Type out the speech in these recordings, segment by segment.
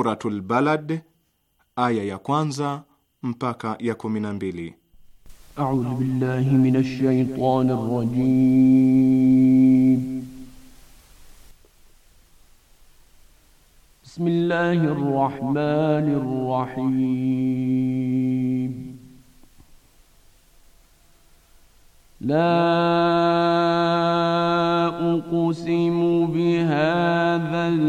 Suratul Balad aya ya kwanza mpaka ya kumi na mbili. A'udhu billahi minash shaitani rrajim. Bismillahir rahmanir rahim. La uqsimu bihadha al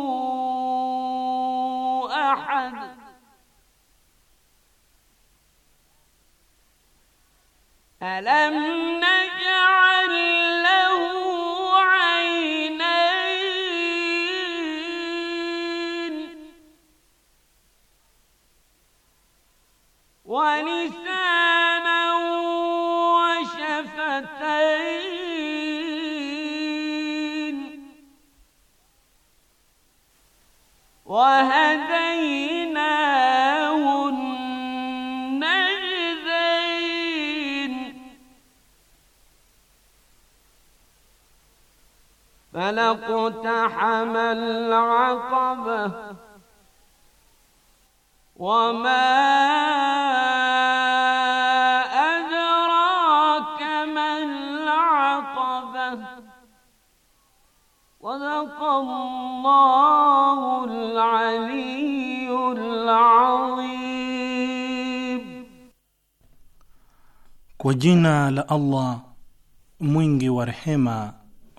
ألم عينين ولسانا وشفتين وهدى فلا اقتحم العقبة وما أدراك ما العقبة وذق الله العلي العظيم kwa لألله مينغي ورحمه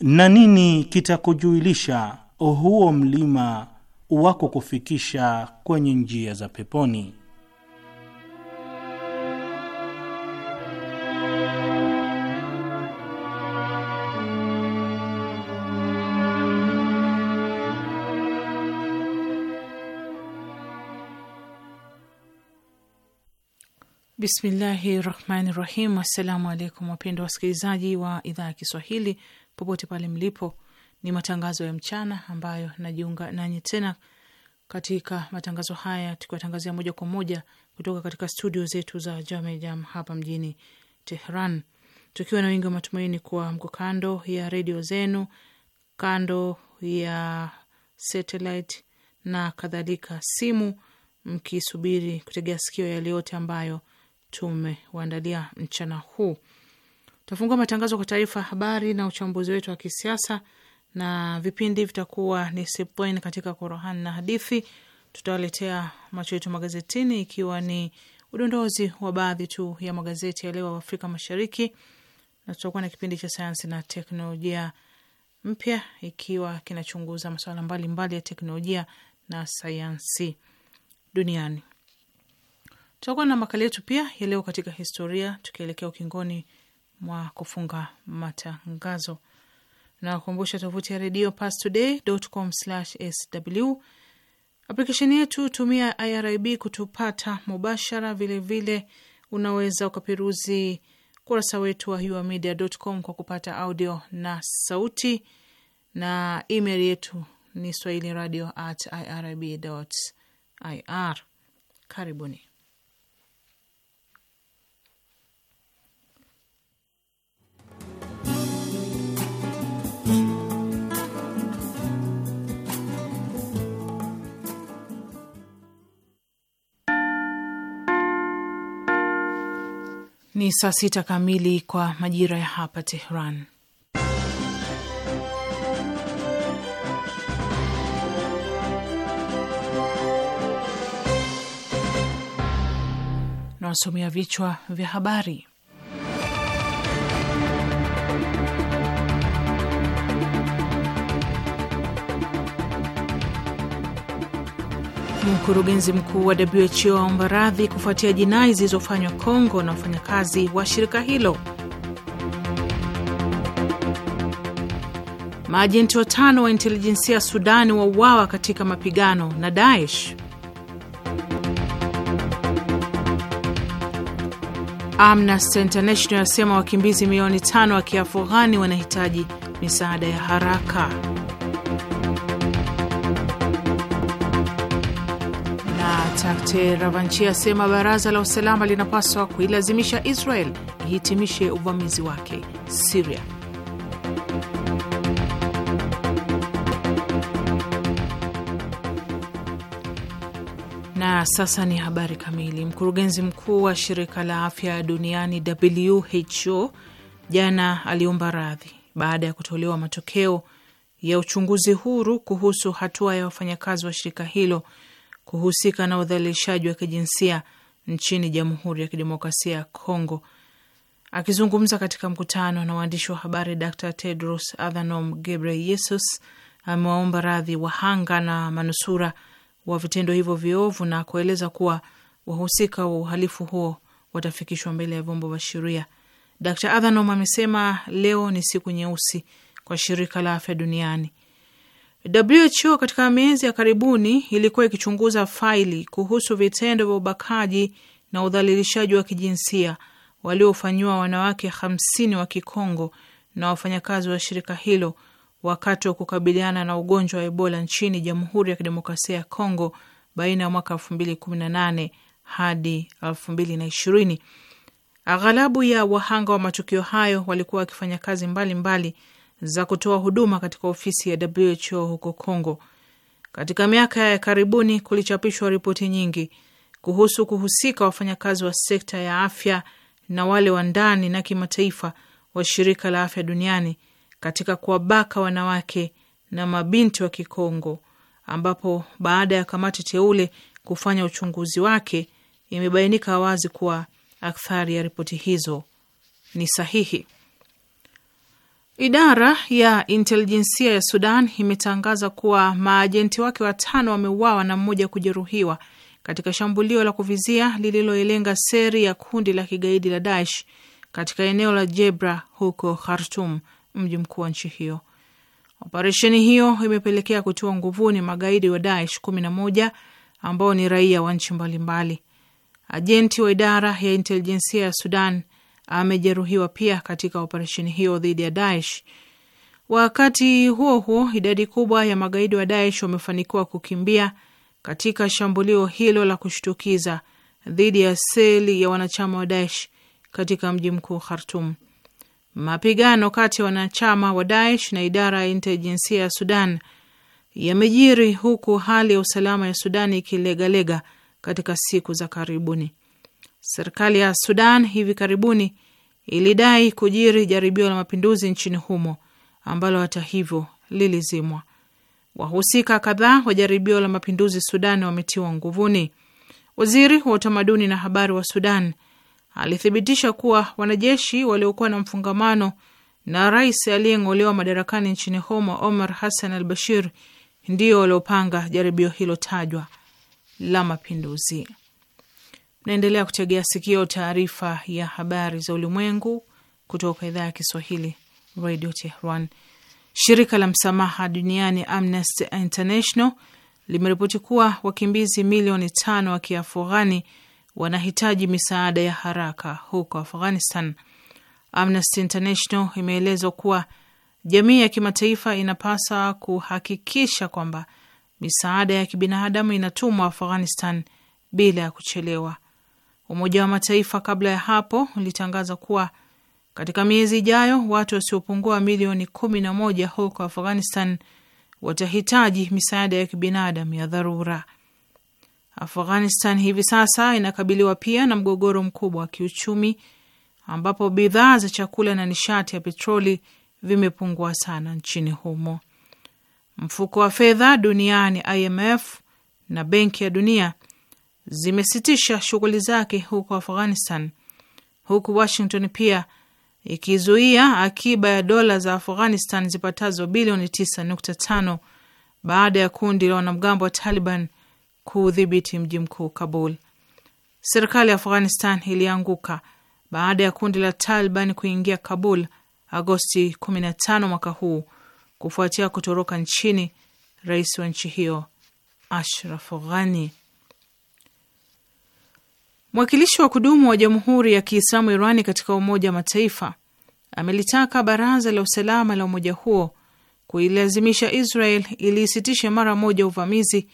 na nini kitakujuilisha huo mlima wako kufikisha kwenye njia za peponi? Bismillahi rahmani rahim. Assalamu alaikum wapendwa wasikilizaji wa idhaa ya Kiswahili popote pale mlipo. Ni matangazo ya mchana ambayo najiunga nanyi tena katika matangazo haya, tukiwatangazia moja kwa moja kutoka katika studio zetu za Jamejam hapa mjini Tehran, tukiwa na wingi wa matumaini kuwa mko kando ya redio zenu, kando ya satellite na kadhalika, simu mkisubiri kutegea sikio yaliyote ambayo tumewaandalia mchana huu. Tafungua matangazo kwa taarifa habari na uchambuzi wetu wa kisiasa, na vipindi vitakuwa ni sipwen katika Qurani na hadithi. Tutawaletea macho yetu magazetini, ikiwa ni udondozi wa baadhi tu ya magazeti ya leo Afrika Mashariki, na tutakuwa na kipindi cha sayansi na teknolojia mpya, ikiwa kinachunguza masuala mbalimbali mbali ya teknolojia na sayansi duniani. Tutakuwa na makala yetu pia ya leo katika historia, tukielekea ukingoni mwa kufunga matangazo. Nawakumbusha tovuti ya redio pastoday.com/sw, aplikesheni yetu, tumia IRIB kutupata mubashara. Vilevile vile unaweza ukaperuzi kurasa wetu wa uamedia.com kwa kupata audio na sauti, na email yetu ni swahili radio at irib ir. Karibuni. Ni saa sita kamili kwa majira ya hapa Tehran. Nawasomea vichwa vya habari. Mkurugenzi mkuu wa WHO aomba radhi kufuatia jinai zilizofanywa Kongo na wafanyakazi wa shirika hilo. Maajenti watano wa intelijensia ya Sudani wauawa katika mapigano na Daesh. Amnesty International yasema wakimbizi milioni tano wa kiafughani wanahitaji misaada ya haraka. Ravanchi asema baraza la usalama linapaswa kuilazimisha Israel ihitimishe uvamizi wake Siria. Na sasa ni habari kamili. Mkurugenzi mkuu wa shirika la afya duniani WHO jana aliomba radhi baada ya kutolewa matokeo ya uchunguzi huru kuhusu hatua ya wafanyakazi wa shirika hilo kuhusika na udhalilishaji wa kijinsia nchini Jamhuri ya Kidemokrasia ya Kongo. Akizungumza katika mkutano na waandishi wa habari, Dr Tedros Adhanom Ghebreyesus amewaomba radhi wahanga na manusura wa vitendo hivyo viovu na kueleza kuwa wahusika wa uhalifu huo watafikishwa mbele ya vyombo vya sheria. Dr Adhanom amesema leo ni siku nyeusi kwa shirika la afya duniani WHO katika miezi ya karibuni ilikuwa ikichunguza faili kuhusu vitendo vya ubakaji na udhalilishaji wa kijinsia waliofanyiwa wanawake 50 wa Kikongo na wafanyakazi wa shirika hilo wakati wa kukabiliana na ugonjwa wa Ebola nchini Jamhuri ya Kidemokrasia ya Kongo baina ya mwaka 2018 hadi 2020. Aghalabu ya wahanga wa matukio hayo walikuwa wakifanya kazi mbalimbali mbali za kutoa huduma katika ofisi ya WHO huko Kongo. Katika miaka ya karibuni kulichapishwa ripoti nyingi kuhusu kuhusika wafanyakazi wa sekta ya afya na wale wa ndani na kimataifa wa shirika la afya duniani katika kuwabaka wanawake na mabinti wa Kikongo, ambapo baada ya kamati teule kufanya uchunguzi wake imebainika wazi kuwa akthari ya ripoti hizo ni sahihi. Idara ya intelijensia ya Sudan imetangaza kuwa maajenti wake watano wameuawa na mmoja kujeruhiwa katika shambulio la kuvizia lililoilenga seri ya kundi la kigaidi la Daesh katika eneo la Jebra huko Khartum, mji mkuu wa nchi hiyo. Operesheni hiyo imepelekea kutoa nguvuni magaidi wa Daesh 11 ambao ni raia wa nchi mbalimbali. Ajenti wa idara ya intelijensia ya Sudan amejeruhiwa pia katika operesheni hiyo dhidi ya Daesh. Wakati huo huo, idadi kubwa ya magaidi wa Daesh wamefanikiwa kukimbia katika shambulio hilo la kushtukiza dhidi ya seli ya wanachama wa Daesh katika mji mkuu Khartum. Mapigano kati ya wanachama wa Daesh na idara ya intelijensia ya Sudan yamejiri huku hali ya usalama ya Sudani ikilegalega katika siku za karibuni. Serikali ya Sudan hivi karibuni ilidai kujiri jaribio la mapinduzi nchini humo ambalo hata hivyo lilizimwa. Wahusika kadhaa wa jaribio la mapinduzi Sudan wametiwa nguvuni. Waziri wa utamaduni na habari wa Sudan alithibitisha kuwa wanajeshi waliokuwa na mfungamano na rais aliyeng'olewa madarakani nchini humo Omar Hassan al Bashir ndio waliopanga jaribio hilo tajwa la mapinduzi. Naendelea kutegea sikio taarifa ya habari za ulimwengu kutoka idhaa ya Kiswahili Radio Tehran. Shirika la msamaha duniani Amnesty International limeripoti kuwa wakimbizi milioni tano wa Kiafghani wanahitaji misaada ya haraka huko Afghanistan. Amnesty International imeelezwa kuwa jamii ya kimataifa inapasa kuhakikisha kwamba misaada ya kibinadamu inatumwa Afghanistan bila ya kuchelewa. Umoja wa Mataifa kabla ya hapo ulitangaza kuwa katika miezi ijayo watu wasiopungua milioni kumi na moja huko Afghanistan watahitaji misaada ya kibinadamu ya dharura. Afghanistan hivi sasa inakabiliwa pia na mgogoro mkubwa wa kiuchumi ambapo bidhaa za chakula na nishati ya petroli vimepungua sana nchini humo. Mfuko wa fedha duniani IMF na Benki ya Dunia zimesitisha shughuli zake huko Afghanistan, huku Washington pia ikizuia akiba ya dola za Afghanistan zipatazo bilioni 9.5 baada ya kundi la wanamgambo wa Taliban kuudhibiti mji mkuu Kabul. Serikali ya Afghanistan ilianguka baada ya kundi la Taliban kuingia Kabul Agosti 15 mwaka huu kufuatia kutoroka nchini rais wa nchi hiyo Ashraf Ghani. Mwakilishi wa kudumu wa Jamhuri ya Kiislamu Irani katika Umoja wa Mataifa amelitaka Baraza la Usalama la umoja huo kuilazimisha Israel iliisitishe mara moja uvamizi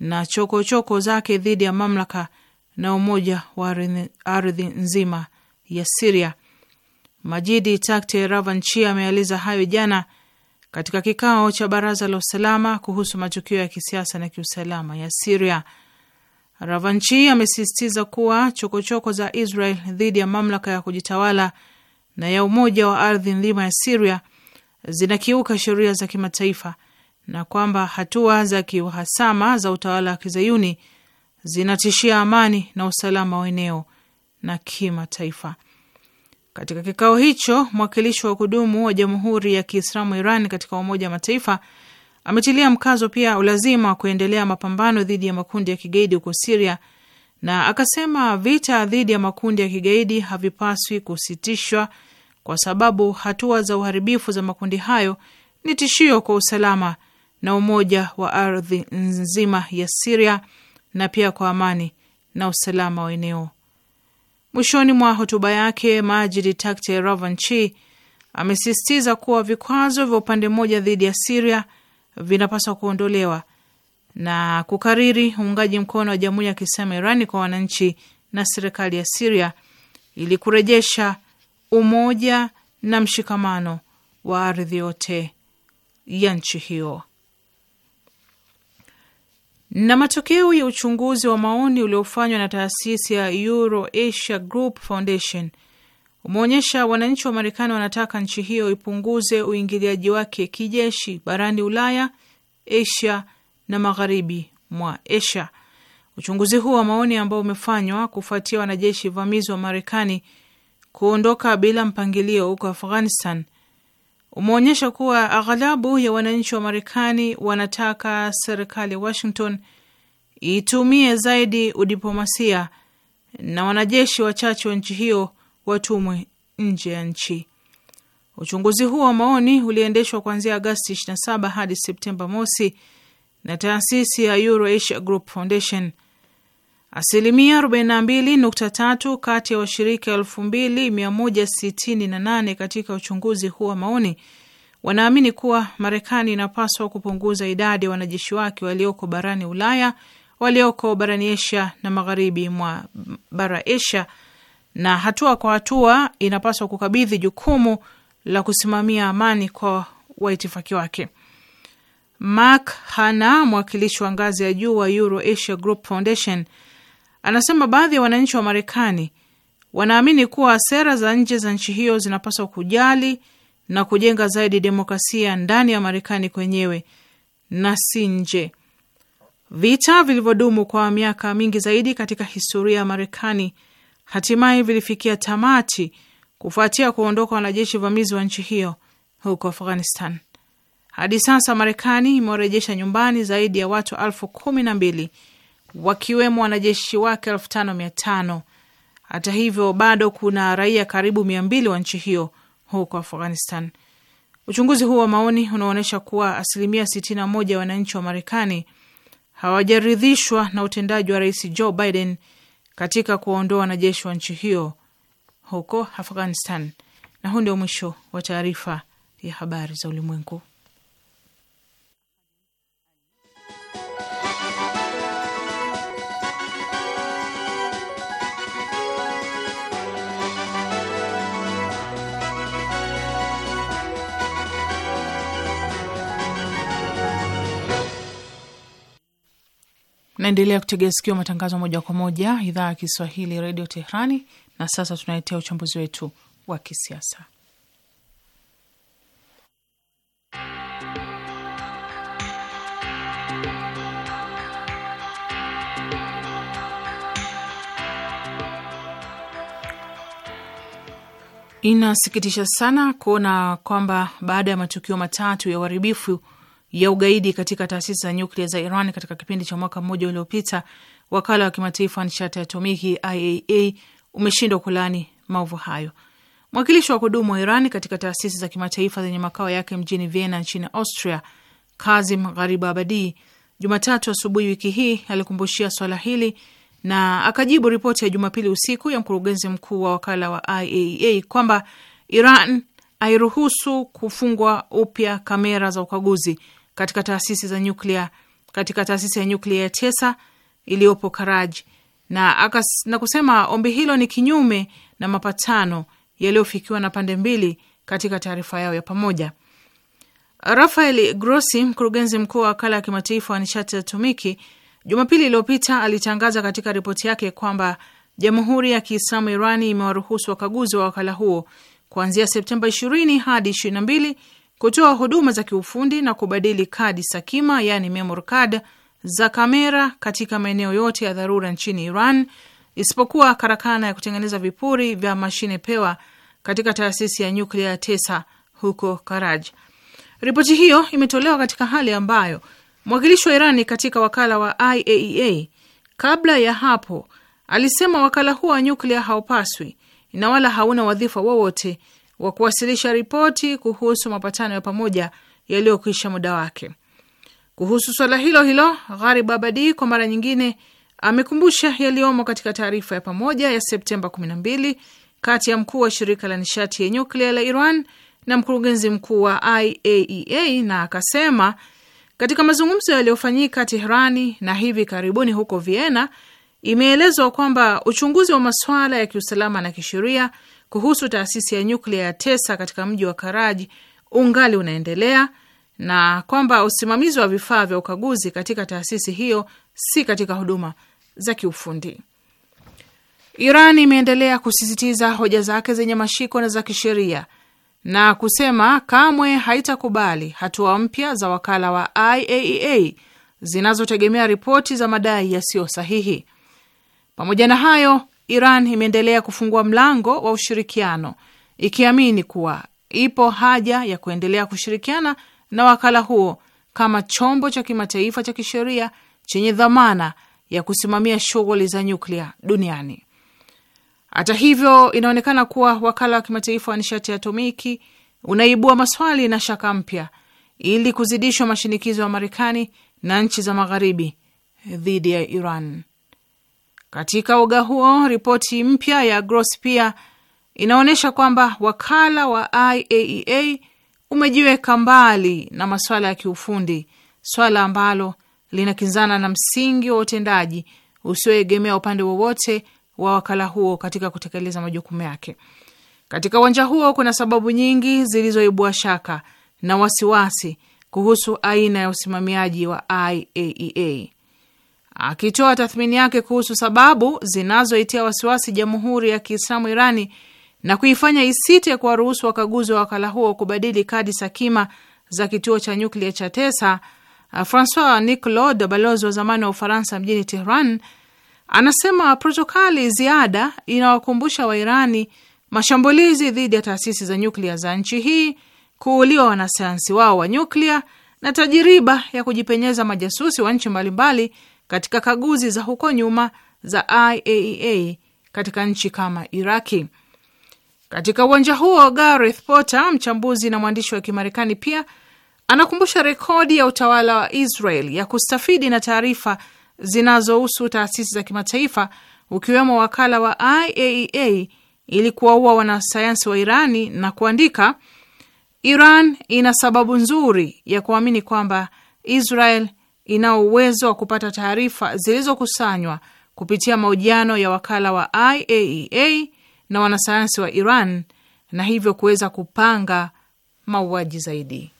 na chokochoko choko zake dhidi ya mamlaka na umoja wa ardhi nzima ya Siria. Majidi Takte Ravanchi amealiza hayo jana katika kikao cha baraza la usalama kuhusu matukio ya kisiasa na kiusalama ya Siria. Ravanchi amesisitiza kuwa chokochoko -choko za Israel dhidi ya mamlaka ya kujitawala na ya umoja wa ardhi nzima ya Siria zinakiuka sheria za kimataifa na kwamba hatua za kiuhasama za utawala wa kizayuni zinatishia amani na usalama wa eneo na kimataifa. Katika kikao hicho, mwakilishi wa kudumu wa Jamhuri ya Kiislamu Iran katika Umoja wa Mataifa Ametilia mkazo pia ulazima wa kuendelea mapambano dhidi ya makundi ya kigaidi huko Siria na akasema vita dhidi ya makundi ya kigaidi havipaswi kusitishwa kwa sababu hatua za uharibifu za makundi hayo ni tishio kwa usalama na umoja wa ardhi nzima ya Siria na pia kwa amani na usalama wa eneo. Mwishoni mwa hotuba yake, Majid Takht Ravanchi amesisitiza kuwa vikwazo vya upande mmoja dhidi ya Siria vinapaswa kuondolewa na kukariri uungaji mkono wa Jamhuri ya Kiislamu Irani kwa wananchi na serikali ya Siria ili kurejesha umoja na mshikamano wa ardhi yote ya nchi hiyo. Na matokeo ya uchunguzi wa maoni uliofanywa na taasisi ya Euro Asia Group Foundation umeonyesha wananchi wa Marekani wanataka nchi hiyo ipunguze uingiliaji wake kijeshi barani Ulaya, Asia na magharibi mwa Asia. Uchunguzi huu wa maoni ambao umefanywa kufuatia wanajeshi vamizi wa Marekani kuondoka bila mpangilio huko Afghanistan umeonyesha kuwa aghalabu ya wananchi wa Marekani wanataka serikali ya Washington itumie zaidi udiplomasia na wanajeshi wachache wa nchi hiyo watumwe nje ya nchi. Uchunguzi huo wa maoni uliendeshwa kuanzia Agasti 27 hadi Septemba mosi na taasisi ya Eurasia Group Foundation. Asilimia 42.3 kati ya washirika 2168 katika uchunguzi huo wa maoni wanaamini kuwa Marekani inapaswa kupunguza idadi ya wanajeshi wake walioko barani Ulaya, walioko barani Asia na magharibi mwa bara Asia na hatua kwa hatua inapaswa kukabidhi jukumu la kusimamia amani kwa waitifaki wake. Mark Hana, mwakilishi wa ngazi ya juu wa Euro Asia Group Foundation, anasema baadhi ya wananchi wa Marekani wanaamini kuwa sera za nje za nchi hiyo zinapaswa kujali na kujenga zaidi demokrasia ndani ya Marekani kwenyewe na si nje. Vita vilivyodumu kwa miaka mingi zaidi katika historia ya Marekani hatimaye vilifikia tamati kufuatia kuondoka wanajeshi vamizi wa nchi hiyo huko Afghanistan. Hadi sasa Marekani imewarejesha nyumbani zaidi ya watu elfu kumi na mbili wakiwemo wanajeshi wake elfu tano mia tano. Hata hivyo bado kuna raia karibu mia mbili wa nchi hiyo huko Afghanistan. Uchunguzi huu wa maoni unaonyesha kuwa asilimia moja ya wananchi wa Marekani hawajaridhishwa na utendaji wa Rais Joe Biden katika kuwaondoa wanajeshi wa nchi hiyo huko Afghanistan. Na huu ndio mwisho wa taarifa ya habari za ulimwengu. Naendelea kutegea sikio matangazo moja kwa moja idhaa ya Kiswahili redio Teherani. Na sasa tunaletea uchambuzi wetu wa kisiasa Inasikitisha sana kuona kwamba baada ya matukio matatu ya uharibifu ya ugaidi katika taasisi za nyuklia za Iran katika kipindi cha mwaka mmoja uliopita, wakala wa kimataifa wa nishati ya atomiki IAEA e, umeshindwa kulani maovu hayo. Mwakilishi wa kudumu wa Iran katika taasisi za kimataifa zenye makao yake mjini Vienna nchini Austria, Kazim Gharibabadi, Jumatatu asubuhi wiki hii alikumbushia swala hili na akajibu ripoti ya Jumapili usiku ya mkurugenzi mkuu wa wakala wa IAEA e kwamba Iran hairuhusu kufungwa upya kamera za ukaguzi katika taasisi za nyuklia katika taasisi ya nyuklia ya Tesa iliyopo Karaj na, akas, na kusema ombi hilo ni kinyume na mapatano yaliyofikiwa na pande mbili katika taarifa yao ya pamoja. Rafael Grossi, mkurugenzi mkuu wa wakala ya kimataifa wa nishati ya atomiki, Jumapili iliyopita alitangaza katika ripoti yake kwamba Jamhuri ya Kiislamu Irani imewaruhusu wakaguzi wa wakala huo kuanzia Septemba 20 hadi kutoa huduma za kiufundi na kubadili kadi SAKIMA yani memory card za kamera katika maeneo yote ya dharura nchini Iran isipokuwa karakana ya kutengeneza vipuri vya mashine pewa katika taasisi ya nyuklia ya Tesa huko Karaj. Ripoti hiyo imetolewa katika hali ambayo mwakilishi wa Irani katika wakala wa IAEA e kabla ya hapo alisema wakala huo wa nyuklia haupaswi na wala hauna wadhifa wowote wa wa kuwasilisha ripoti kuhusu mapatano ya pamoja yaliyokwisha muda wake. Kuhusu swala hilo hilo, Gharib Abadi kwa mara nyingine amekumbusha yaliyomo katika taarifa ya pamoja ya Septemba 12 kati ya mkuu wa shirika la nishati ya nyuklia la Iran na mkurugenzi mkuu wa IAEA, e na akasema katika mazungumzo yaliyofanyika Teherani na hivi karibuni huko Vienna, imeelezwa kwamba uchunguzi wa masuala ya kiusalama na kisheria kuhusu taasisi ya nyuklia ya Tesa katika mji wa Karaji ungali unaendelea na kwamba usimamizi wa vifaa vya ukaguzi katika taasisi hiyo si katika huduma za kiufundi. Iran imeendelea kusisitiza hoja zake zenye mashiko na za kisheria na kusema kamwe haitakubali hatua mpya za wakala wa IAEA e zinazotegemea ripoti za madai yasiyo sahihi. Pamoja na hayo, Iran imeendelea kufungua mlango wa ushirikiano ikiamini kuwa ipo haja ya kuendelea kushirikiana na wakala huo kama chombo cha kimataifa cha kisheria chenye dhamana ya kusimamia shughuli za nyuklia duniani. Hata hivyo, inaonekana kuwa wakala wa kimataifa wa nishati ya atomiki unaibua maswali na shaka mpya ili kuzidishwa mashinikizo ya Marekani na nchi za Magharibi dhidi ya Iran. Katika uga huo, ripoti mpya ya Gross pia inaonyesha kwamba wakala wa IAEA e umejiweka mbali na masuala ya kiufundi, swala ambalo linakinzana na msingi wa utendaji usioegemea upande wowote wa wakala huo katika kutekeleza majukumu yake. Katika uwanja huo kuna sababu nyingi zilizoibua shaka na wasiwasi kuhusu aina ya usimamiaji wa IAEA. E akitoa tathmini yake kuhusu sababu zinazoitia wasiwasi Jamhuri ya Kiislamu Irani na kuifanya isite kuwaruhusu wakaguzi wa wakala huo kubadili kadi sakima za kituo cha nyuklia cha Tesa. Uh, Francois Niclod, balozi wa zamani wa Ufaransa mjini Tehran, anasema protokali ziada inawakumbusha Wairani mashambulizi dhidi ya taasisi za nyuklia za nchi hii, kuuliwa wanasayansi wao wa nyuklia na tajiriba ya kujipenyeza majasusi wa nchi mbalimbali katika kaguzi za huko nyuma za IAEA e katika nchi kama Iraki. Katika uwanja huo, Gareth Potter, mchambuzi na mwandishi wa Kimarekani, pia anakumbusha rekodi ya utawala wa Israel ya kustafidi na taarifa zinazohusu taasisi za kimataifa ukiwemo wakala wa IAEA e ili kuwaua wanasayansi wa Irani na kuandika, Iran ina sababu nzuri ya kuamini kwamba Israel inao uwezo wa kupata taarifa zilizokusanywa kupitia mahojiano ya wakala wa IAEA e na wanasayansi wa Iran na hivyo kuweza kupanga mauaji zaidi.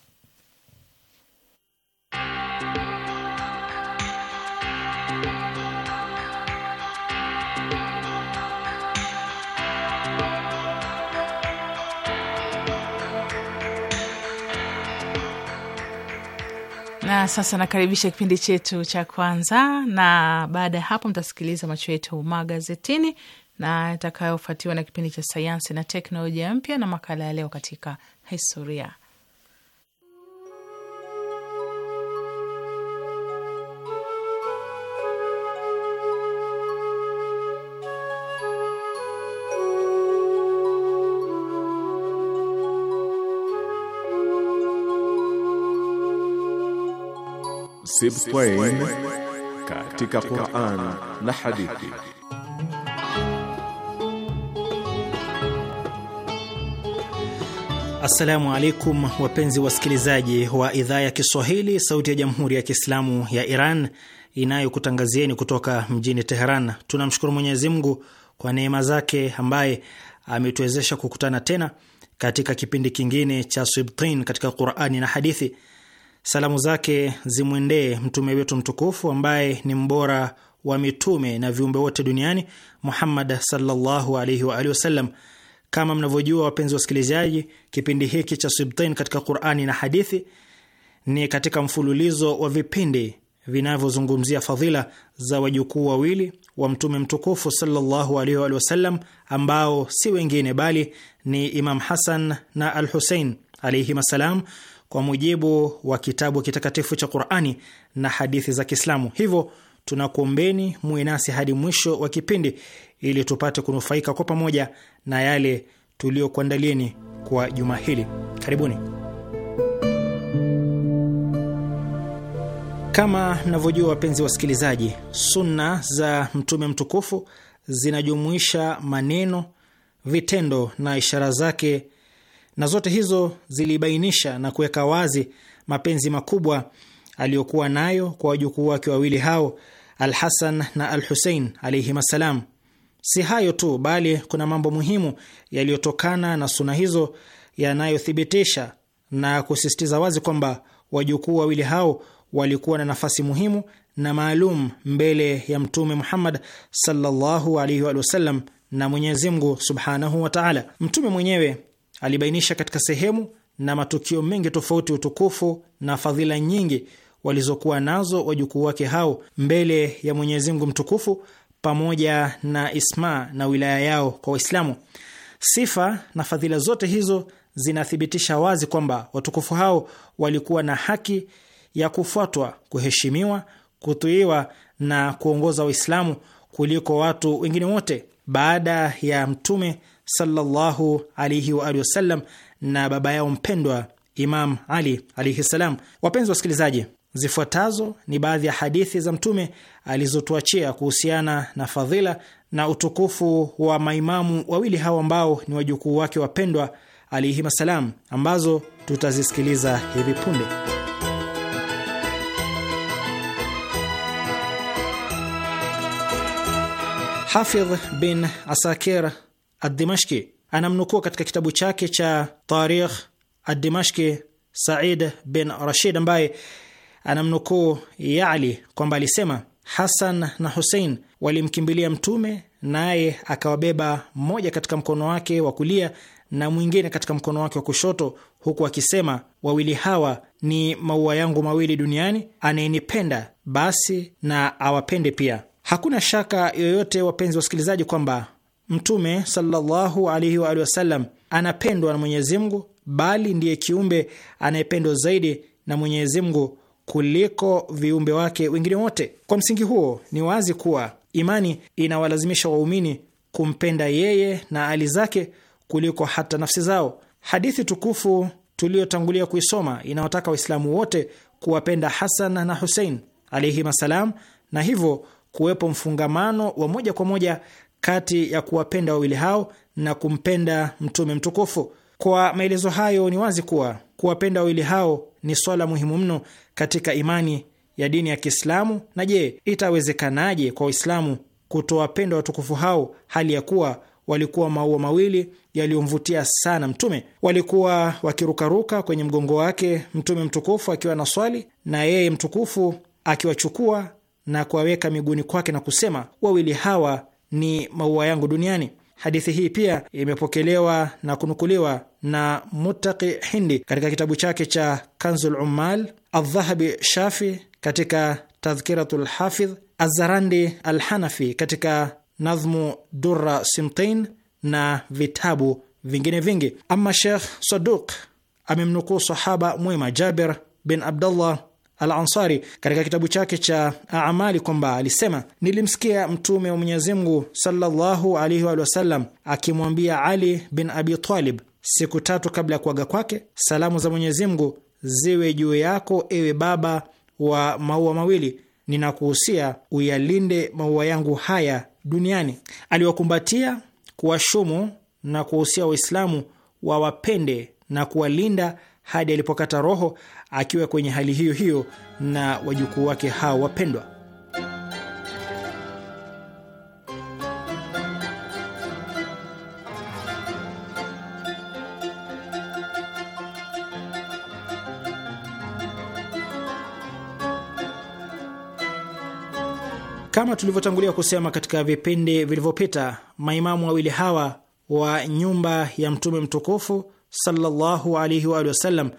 Na sasa nakaribisha kipindi chetu cha kwanza, na baada ya hapo mtasikiliza macho yetu magazetini na itakayofuatiwa na kipindi cha sayansi na teknolojia mpya na makala ya leo katika historia. Sibtain katika Qur'an na hadithi. Assalamu alaikum wapenzi wasikilizaji wa idhaa ya Kiswahili sauti ya Jamhuri ya Kiislamu ya Iran inayokutangazieni kutoka mjini Teheran. Tunamshukuru Mwenyezi Mungu kwa neema zake ambaye ametuwezesha kukutana tena katika kipindi kingine cha Sibtin katika Qur'ani na hadithi. Salamu zake zimwendee mtume wetu mtukufu ambaye ni mbora wa mitume na viumbe wote duniani Muhammad sallallahu alaihi wa alihi wasallam. Kama mnavyojua, wapenzi wasikilizaji, kipindi hiki cha Sibtain katika Qurani na hadithi ni katika mfululizo wa vipindi vinavyozungumzia fadhila za wajukuu wawili wa mtume mtukufu sallallahu alaihi wa ambao si wengine bali ni Imam Hasan na al Husein alaihim assalam kwa mujibu wa kitabu kitakatifu cha Qurani na hadithi za Kiislamu. Hivyo tunakuombeni muwe nasi hadi mwisho wa kipindi ili tupate kunufaika kwa pamoja na yale tuliyokuandalieni kwa juma hili. Karibuni. Kama mnavyojua wapenzi wasikilizaji, sunna za Mtume mtukufu zinajumuisha maneno, vitendo na ishara zake na zote hizo zilibainisha na kuweka wazi mapenzi makubwa aliyokuwa nayo kwa wajukuu wake wawili hao alhasan na Al Husein alaihim assalam. Si hayo tu, bali kuna mambo muhimu yaliyotokana na suna hizo yanayothibitisha na kusisitiza wazi kwamba wajukuu wawili hao walikuwa na nafasi muhimu na maalum mbele ya Mtume Muhammad sallallahu alaihi wa sallam na Mwenyezi Mungu subhanahu wa taala. Mtume mwenyewe Alibainisha katika sehemu na matukio mengi tofauti utukufu na fadhila nyingi walizokuwa nazo wajukuu wake hao mbele ya Mwenyezi Mungu mtukufu pamoja na isma na wilaya yao kwa Waislamu. Sifa na fadhila zote hizo zinathibitisha wazi kwamba watukufu hao walikuwa na haki ya kufuatwa, kuheshimiwa, kutuiwa na kuongoza Waislamu kuliko watu wengine wote baada ya Mtume sallallahu alaihi wa alihi wasallam na baba yao mpendwa Imam Ali alaihi salam. Wapenzi wasikilizaji, zifuatazo ni baadhi ya hadithi za Mtume alizotuachia kuhusiana na fadhila na utukufu wa maimamu wawili hao ambao ni wajukuu wake wapendwa alaihim salam, ambazo tutazisikiliza hivi punde. Hafidh bin Asakir Adimashki anamnukuu katika kitabu chake cha Tarikh Adimashki Said bin Rashid ambaye anamnukuu Yali kwamba alisema Hasan na Husein walimkimbilia Mtume, naye akawabeba mmoja katika mkono wake wa kulia na mwingine katika mkono wake wa kushoto, huku akisema, wawili hawa ni maua yangu mawili duniani, anayenipenda basi na awapende pia. Hakuna shaka yoyote, wapenzi wasikilizaji, kwamba Mtume sallallahu alaihi wa alihi wasallam anapendwa na Mwenyezi Mungu, bali ndiye kiumbe anayependwa zaidi na Mwenyezi Mungu kuliko viumbe wake wengine wote. Kwa msingi huo, ni wazi kuwa imani inawalazimisha waumini kumpenda yeye na ali zake kuliko hata nafsi zao. Hadithi tukufu tuliyotangulia kuisoma inawataka Waislamu wote kuwapenda Hasan na Husein alaihim assalam, na hivyo kuwepo mfungamano wa moja kwa moja kati ya kuwapenda wawili hao na kumpenda mtume mtukufu. Kwa maelezo hayo, ni wazi kuwa kuwapenda wawili hao ni swala muhimu mno katika imani ya dini ya Kiislamu. Na je, itawezekanaje kwa Waislamu kutowapenda watukufu hao hali ya kuwa walikuwa maua mawili yaliyomvutia sana Mtume. Walikuwa wakirukaruka kwenye mgongo wake Mtume mtukufu akiwa na swali, na yeye mtukufu akiwachukua na kuwaweka miguuni kwake na kusema, wawili hawa ni maua yangu duniani. Hadithi hii pia imepokelewa na kunukuliwa na Mutaki Hindi katika kitabu chake cha Kanzul Ummal, Aldhahabi Shafi katika Tadhkiratu Lhafidh, Azarandi Alhanafi katika Nadhmu dura Simtain na vitabu vingine vingi. Ama Shekh Saduq amemnukuu sahaba mwema jaber bin Abdullah al Ansari katika kitabu chake cha Amali kwamba alisema, nilimsikia Mtume wa Mwenyezi Mungu sallallahu alaihi wa sallam akimwambia Ali bin Abi Talib siku tatu kabla ya kuaga kwake, salamu za Mwenyezi Mungu ziwe juu yako, ewe baba wa maua mawili, ninakuhusia uyalinde maua yangu haya duniani. Aliwakumbatia, kuwashumu na kuwahusia Waislamu wawapende na kuwalinda hadi alipokata roho akiwa kwenye hali hiyo hiyo na wajukuu wake hao wapendwa. Kama tulivyotangulia kusema katika vipindi vilivyopita, maimamu wawili hawa wa nyumba ya Mtume mtukufu sallallahu alaihi wa alihi wasallam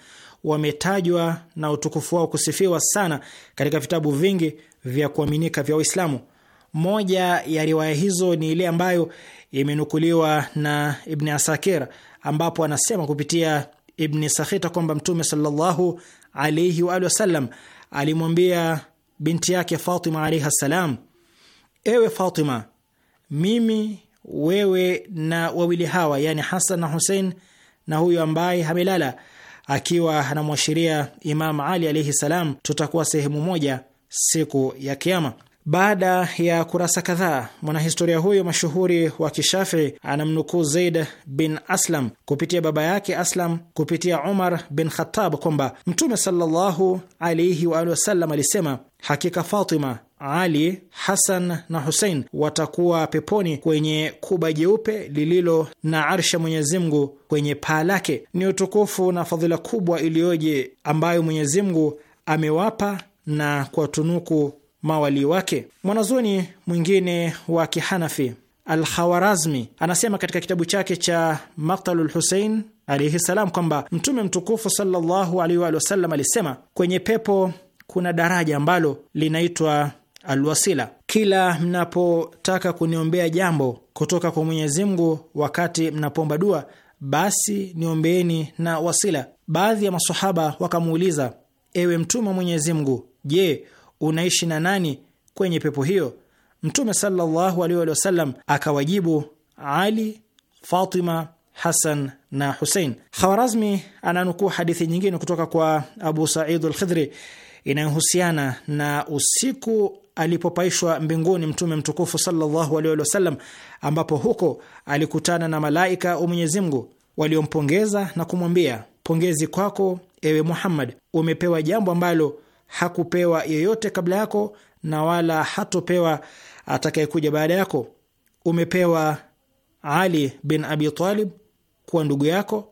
wametajwa na utukufu wao kusifiwa sana katika vitabu vingi vya kuaminika vya uislamu Moja ya riwaya hizo ni ile ambayo imenukuliwa na Ibni Asakir, ambapo anasema kupitia Ibni Sakhita kwamba Mtume sallallahu alaihi waalihi wasallam alimwambia binti yake Fatima alaihi salam, ewe Fatima, mimi wewe na wawili hawa, yani Hasan na Husein na huyu ambaye amelala akiwa anamwashiria Imam Ali alaihi salam, tutakuwa sehemu moja siku ya Kiama. Baada ya kurasa kadhaa, mwanahistoria huyo mashuhuri wa kishafii anamnukuu Zaid bin Aslam kupitia baba yake Aslam kupitia Umar bin Khattab kwamba Mtume sallallahu alaihi alihi wasallam alisema, hakika Fatima ali, Hasan na Husein watakuwa peponi kwenye kuba jeupe lililo na arsha Mwenyezi Mungu kwenye paa lake. Ni utukufu na fadhila kubwa iliyoje ambayo Mwenyezi Mungu amewapa na kuwatunuku mawalii wake. Mwanazuoni mwingine wa Kihanafi Alkhawarazmi anasema katika kitabu chake cha Maktalu Lhusein alaihi ssalam kwamba Mtume mtukufu sallallahu alaihi wasallam alisema, kwenye pepo kuna daraja ambalo linaitwa alwasila. Kila mnapotaka kuniombea jambo kutoka kwa Mwenyezi Mungu wakati mnapomba dua, basi niombeeni na wasila. Baadhi ya masahaba wakamuuliza, ewe Mtume wa Mwenyezi Mungu, je, unaishi na nani kwenye pepo hiyo? Mtume sallallahu alaihi wasallam akawajibu, Ali, Fatima, Hasan na Husein. Khawarazmi ananukuu hadithi nyingine kutoka kwa Abu Said al Khidhri inayohusiana na usiku alipopaishwa mbinguni Mtume mtukufu sallallahu alaihi wasallam, ambapo huko alikutana na malaika wa Mwenyezi Mungu waliompongeza na kumwambia, pongezi kwako ewe Muhammad, umepewa jambo ambalo hakupewa yeyote kabla yako na wala hatopewa atakayekuja baada yako. Umepewa Ali bin Abi Talib kuwa ndugu yako,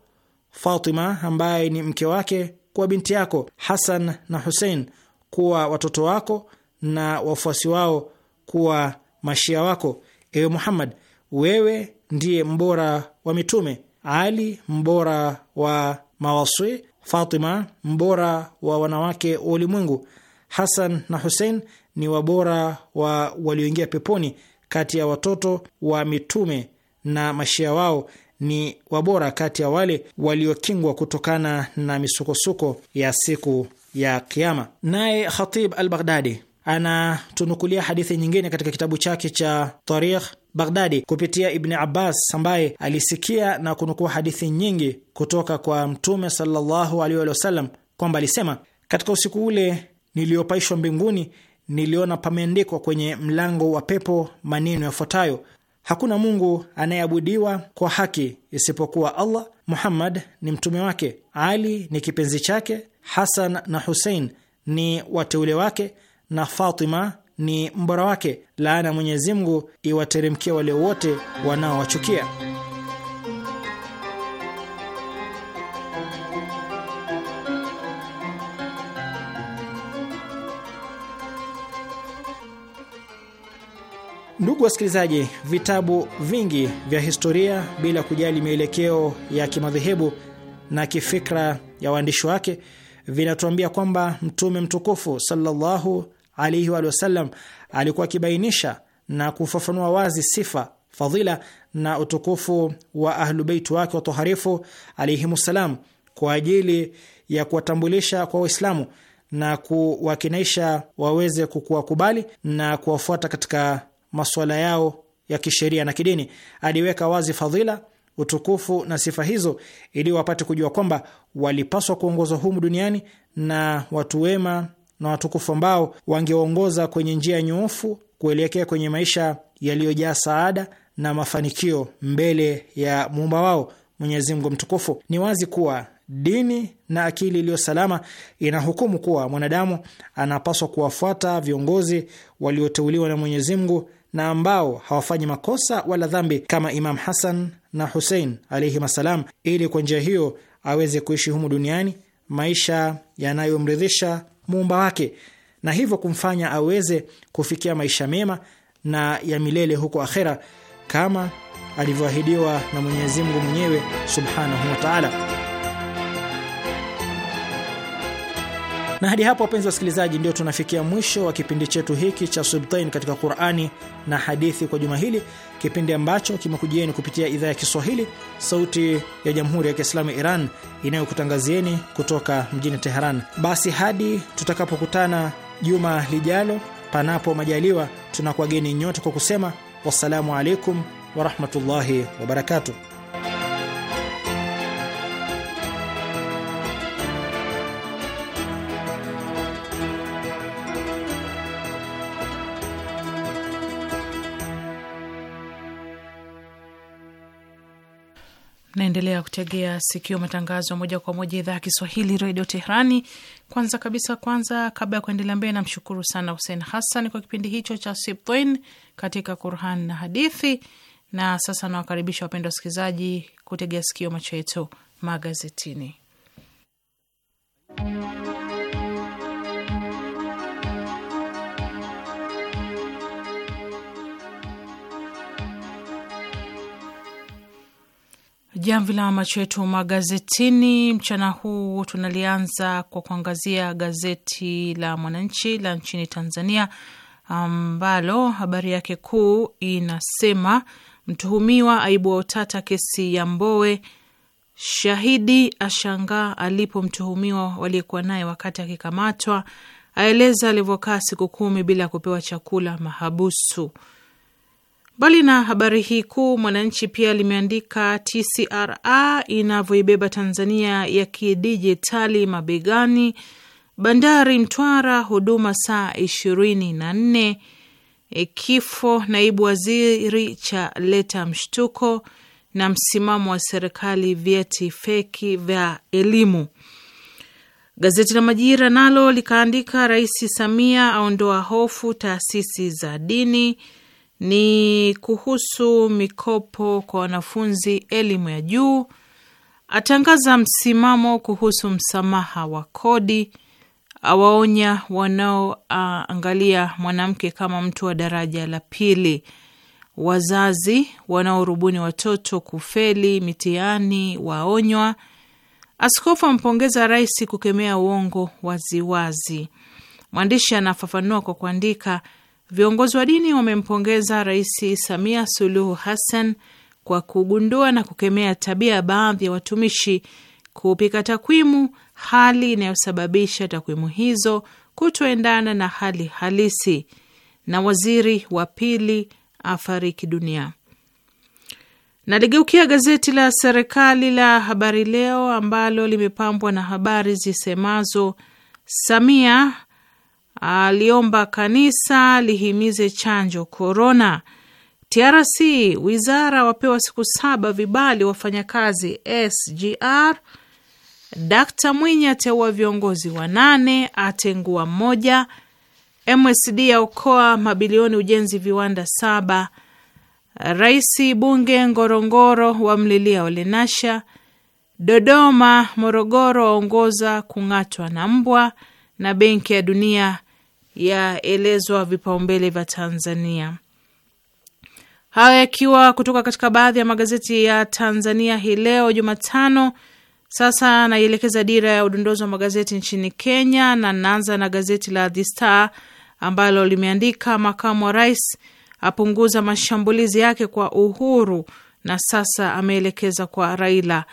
Fatima ambaye ni mke wake kuwa binti yako, Hasan na Husein kuwa watoto wako na wafuasi wao kuwa mashia wako. Ewe Muhammad, wewe ndiye mbora wa mitume, Ali mbora wa mawaswi, Fatima mbora wa wanawake wa ulimwengu, Hasan na Husein ni wabora wa walioingia peponi kati ya watoto wa mitume na mashia wao ni wabora kati ya wale waliokingwa kutokana na misukosuko ya siku ya Kiama. Naye Khatib al Baghdadi anatunukulia hadithi nyingine katika kitabu chake cha Tarikh Baghdadi kupitia Ibni Abbas ambaye alisikia na kunukua hadithi nyingi kutoka kwa Mtume sallallahu alaihi wasallam kwamba alisema, katika usiku ule niliyopaishwa mbinguni niliona pameandikwa kwenye mlango wa pepo maneno yafuatayo: hakuna Mungu anayeabudiwa kwa haki isipokuwa Allah, Muhammad ni mtume wake, Ali ni kipenzi chake, Hasan na Husein ni wateule wake na Fatima ni mbora wake. Laana Mwenyezi Mungu iwateremkia wale wote wanaowachukia. Ndugu wasikilizaji, vitabu vingi vya historia bila kujali mielekeo ya kimadhehebu na kifikra ya waandishi wake vinatuambia kwamba Mtume mtukufu sallallahu alaihi wa sallam alikuwa akibainisha na kufafanua wazi sifa, fadhila na utukufu wa ahlubeiti wake watoharifu alaihimussalam kwa ajili ya kuwatambulisha kwa Waislamu na kuwakinaisha waweze kukuwakubali na kuwafuata katika masuala yao ya kisheria na kidini. Aliweka wazi fadhila, utukufu na sifa hizo ili wapate kujua kwamba walipaswa kuongozwa humu duniani na watu wema na watukufu ambao wangewongoza kwenye njia nyoofu kuelekea kwenye maisha yaliyojaa saada na mafanikio mbele ya muumba wao Mwenyezi Mungu mtukufu. Ni wazi kuwa dini na akili iliyo salama inahukumu kuwa mwanadamu anapaswa kuwafuata viongozi walioteuliwa na Mwenyezi Mungu na ambao hawafanyi makosa wala dhambi kama Imam Hasan na Husein alaihim assalam, ili kwa njia hiyo aweze kuishi humu duniani maisha yanayomridhisha muumba wake na hivyo kumfanya aweze kufikia maisha mema na ya milele huko akhera kama alivyoahidiwa na Mwenyezi Mungu mwenyewe Subhanahu wataala Na hadi hapo, wapenzi wasikilizaji, ndio tunafikia mwisho wa kipindi chetu hiki cha Sibtain katika Qur'ani na hadithi kwa juma hili, kipindi ambacho kimekujieni kupitia idhaa ya Kiswahili, Sauti ya Jamhuri ya Kiislamu ya Iran inayokutangazieni kutoka mjini Teheran. Basi hadi tutakapokutana juma lijalo, panapo majaliwa, tunakwageni nyote kwa kusema wassalamu alaikum warahmatullahi wabarakatuh. Mnaendelea kutegea sikio matangazo moja kwa moja idhaa ya Kiswahili redio Teherani. Kwanza kabisa, kwanza kabla ya kuendelea mbele, namshukuru sana husein Hassan kwa kipindi hicho cha Sibtain katika Qur'an na hadithi. Na sasa nawakaribisha wapendwa wasikilizaji kutegea sikio macho yetu magazetini Jamvi la macho yetu magazetini mchana huu tunalianza kwa kuangazia gazeti la Mwananchi la nchini Tanzania, ambalo habari yake kuu inasema mtuhumiwa aibu wa utata kesi ya Mbowe, shahidi ashangaa alipo mtuhumiwa waliyekuwa naye wakati akikamatwa, aeleza alivyokaa siku kumi bila kupewa chakula mahabusu. Mbali na habari hii kuu, Mwananchi pia limeandika TCRA inavyoibeba Tanzania ya kidijitali mabegani, bandari Mtwara huduma saa ishirini na nne, e, kifo naibu waziri cha leta mshtuko, na msimamo wa serikali vyeti feki vya elimu. Gazeti la Majira nalo likaandika Rais Samia aondoa hofu taasisi za dini ni kuhusu mikopo kwa wanafunzi elimu ya juu, atangaza msimamo kuhusu msamaha wa kodi, awaonya wanaoangalia mwanamke kama mtu wa daraja la pili, wazazi wanaorubuni watoto kufeli mitihani waonywa, askofu ampongeza rais kukemea uongo waziwazi. Mwandishi anafafanua kwa kuandika Viongozi wa dini wamempongeza Rais Samia Suluhu Hassan kwa kugundua na kukemea tabia ya baadhi ya watumishi kupika takwimu, hali inayosababisha takwimu hizo kutoendana na hali halisi. Na waziri wa pili afariki dunia. Naligeukia gazeti la serikali la Habari Leo ambalo limepambwa na habari zisemazo Samia aliomba kanisa lihimize chanjo korona. TRC wizara wapewa siku saba vibali wafanyakazi SGR. Dkt Mwinyi ateua viongozi wanane atengua mmoja. MSD yaokoa mabilioni ujenzi viwanda saba. Rais bunge Ngorongoro wamlilia Olenasha. Dodoma Morogoro waongoza kung'atwa na mbwa. Na Benki ya Dunia yaelezwa vipaumbele vya Tanzania. Hayo yakiwa kutoka katika baadhi ya magazeti ya Tanzania hii leo Jumatano. Sasa naielekeza dira ya udondozi wa magazeti nchini Kenya, na naanza na gazeti la The Star ambalo limeandika makamu wa rais apunguza mashambulizi yake kwa Uhuru na sasa ameelekeza kwa Raila.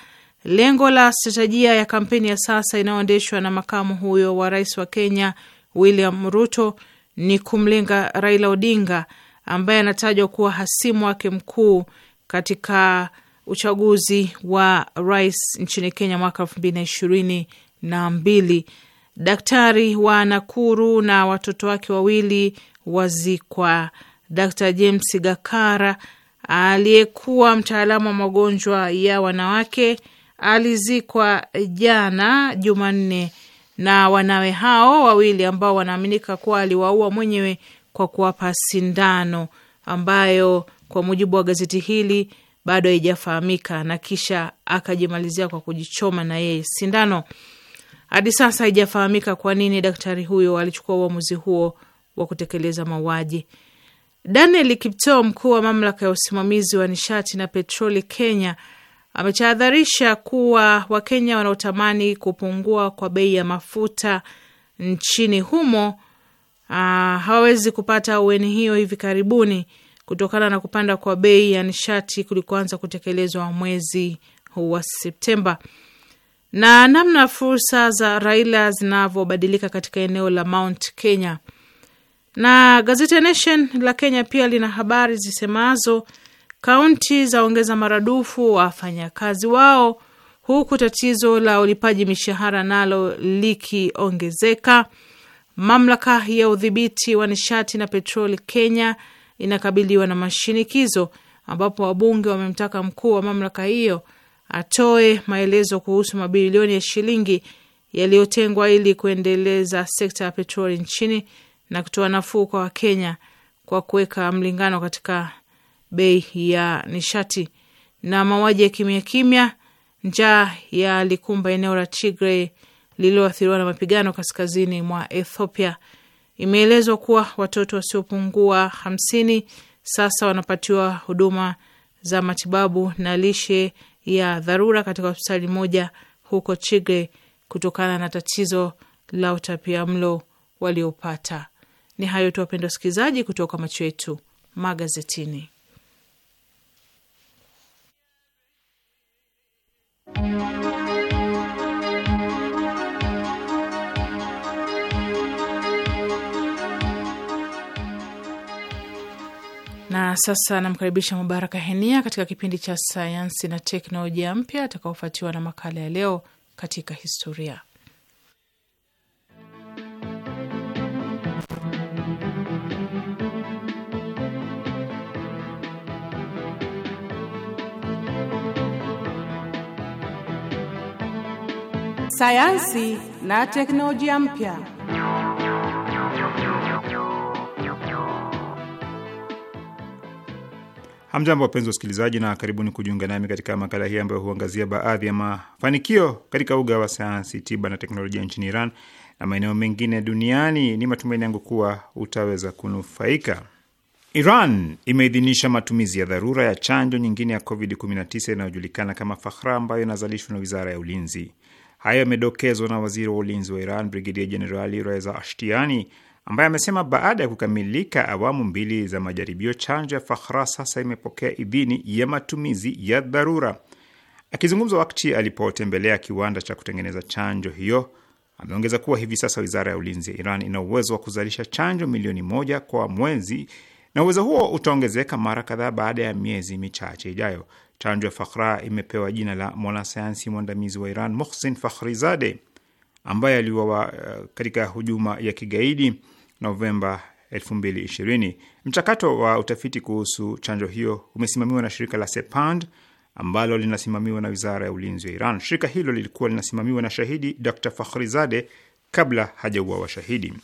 Lengo la stratejia ya kampeni ya sasa inayoendeshwa na makamu huyo wa rais wa Kenya William Ruto ni kumlenga Raila Odinga ambaye anatajwa kuwa hasimu wake mkuu katika uchaguzi wa rais nchini Kenya mwaka elfu mbili na ishirini na mbili. Daktari wa Nakuru na watoto wake wawili wazikwa. Dr James Gakara aliyekuwa mtaalamu wa magonjwa ya wanawake alizikwa jana Jumanne na wanawe hao wawili ambao wanaaminika kuwa aliwaua mwenyewe kwa kuwapa sindano ambayo kwa mujibu wa gazeti hili bado haijafahamika, na kisha akajimalizia kwa kujichoma na yeye sindano. Hadi sasa haijafahamika kwa nini daktari huyo alichukua uamuzi huo wa kutekeleza mauaji. Daniel Kiptoo, mkuu wa mamlaka ya usimamizi wa nishati na petroli Kenya, ametahadharisha kuwa Wakenya wanaotamani kupungua kwa bei ya mafuta nchini humo aa, ah, hawawezi kupata aweni hiyo hivi karibuni kutokana na kupanda kwa bei ya nishati kulikoanza kutekelezwa mwezi huu wa Septemba na namna fursa za Raila zinavyobadilika katika eneo la Mount Kenya. Na gazeti ya Nation la Kenya pia lina habari zisemazo Kaunti zaongeza maradufu wafanyakazi wao, huku tatizo la ulipaji mishahara nalo likiongezeka. Mamlaka ya udhibiti wa nishati na petroli Kenya inakabiliwa na mashinikizo, ambapo wabunge wamemtaka mkuu wa mamlaka hiyo atoe maelezo kuhusu mabilioni ya shilingi yaliyotengwa ili kuendeleza sekta ya petroli nchini na kutoa nafuu kwa Wakenya kwa kuweka mlingano katika bei ya nishati na mauaji ya kimya kimya. Njaa ya likumba eneo la Tigray lililoathiriwa na mapigano kaskazini mwa Ethiopia. Imeelezwa kuwa watoto wasiopungua hamsini sasa wanapatiwa huduma za matibabu na lishe ya dharura katika hospitali moja huko Tigray kutokana na tatizo la utapia mlo waliopata. Ni hayo tu, wapendwa wasikilizaji, kutoka macho yetu magazetini. Na sasa namkaribisha Mubaraka Henia katika kipindi cha sayansi na teknolojia mpya atakaofuatiwa na makala ya leo katika historia. sayansi na teknolojia mpya. Hamjambo, wapenzi wasikilizaji, na karibuni kujiunga nami katika makala hii ambayo huangazia baadhi ya mafanikio katika uga wa sayansi, tiba na teknolojia nchini Iran na maeneo mengine duniani. Ni matumaini yangu kuwa utaweza kunufaika. Iran imeidhinisha matumizi ya dharura ya chanjo nyingine ya COVID-19 inayojulikana kama Fakhra ambayo inazalishwa na wizara ya ulinzi. Hayo yamedokezwa na waziri wa ulinzi wa Iran, Brigedia Jenerali Reza Ashtiani, ambaye amesema baada ya kukamilika awamu mbili za majaribio, chanjo ya Fakhra sasa imepokea idhini ya matumizi ya dharura. Akizungumza wakati alipotembelea kiwanda cha kutengeneza chanjo hiyo, ameongeza kuwa hivi sasa wizara ya ulinzi ya Iran ina uwezo wa kuzalisha chanjo milioni moja kwa mwezi na uwezo huo utaongezeka mara kadhaa baada ya miezi michache ijayo. Chanjo ya Fakhra imepewa jina la mwanasayansi mwandamizi wa Iran Mohsin Fakhrizade ambaye aliuawa uh, katika hujuma ya kigaidi Novemba 2020. Mchakato wa utafiti kuhusu chanjo hiyo umesimamiwa na shirika la Sepand ambalo linasimamiwa na Wizara ya Ulinzi wa Iran. Shirika hilo lilikuwa linasimamiwa na shahidi Dr. Fakhrizade kabla hajauawa shahidi.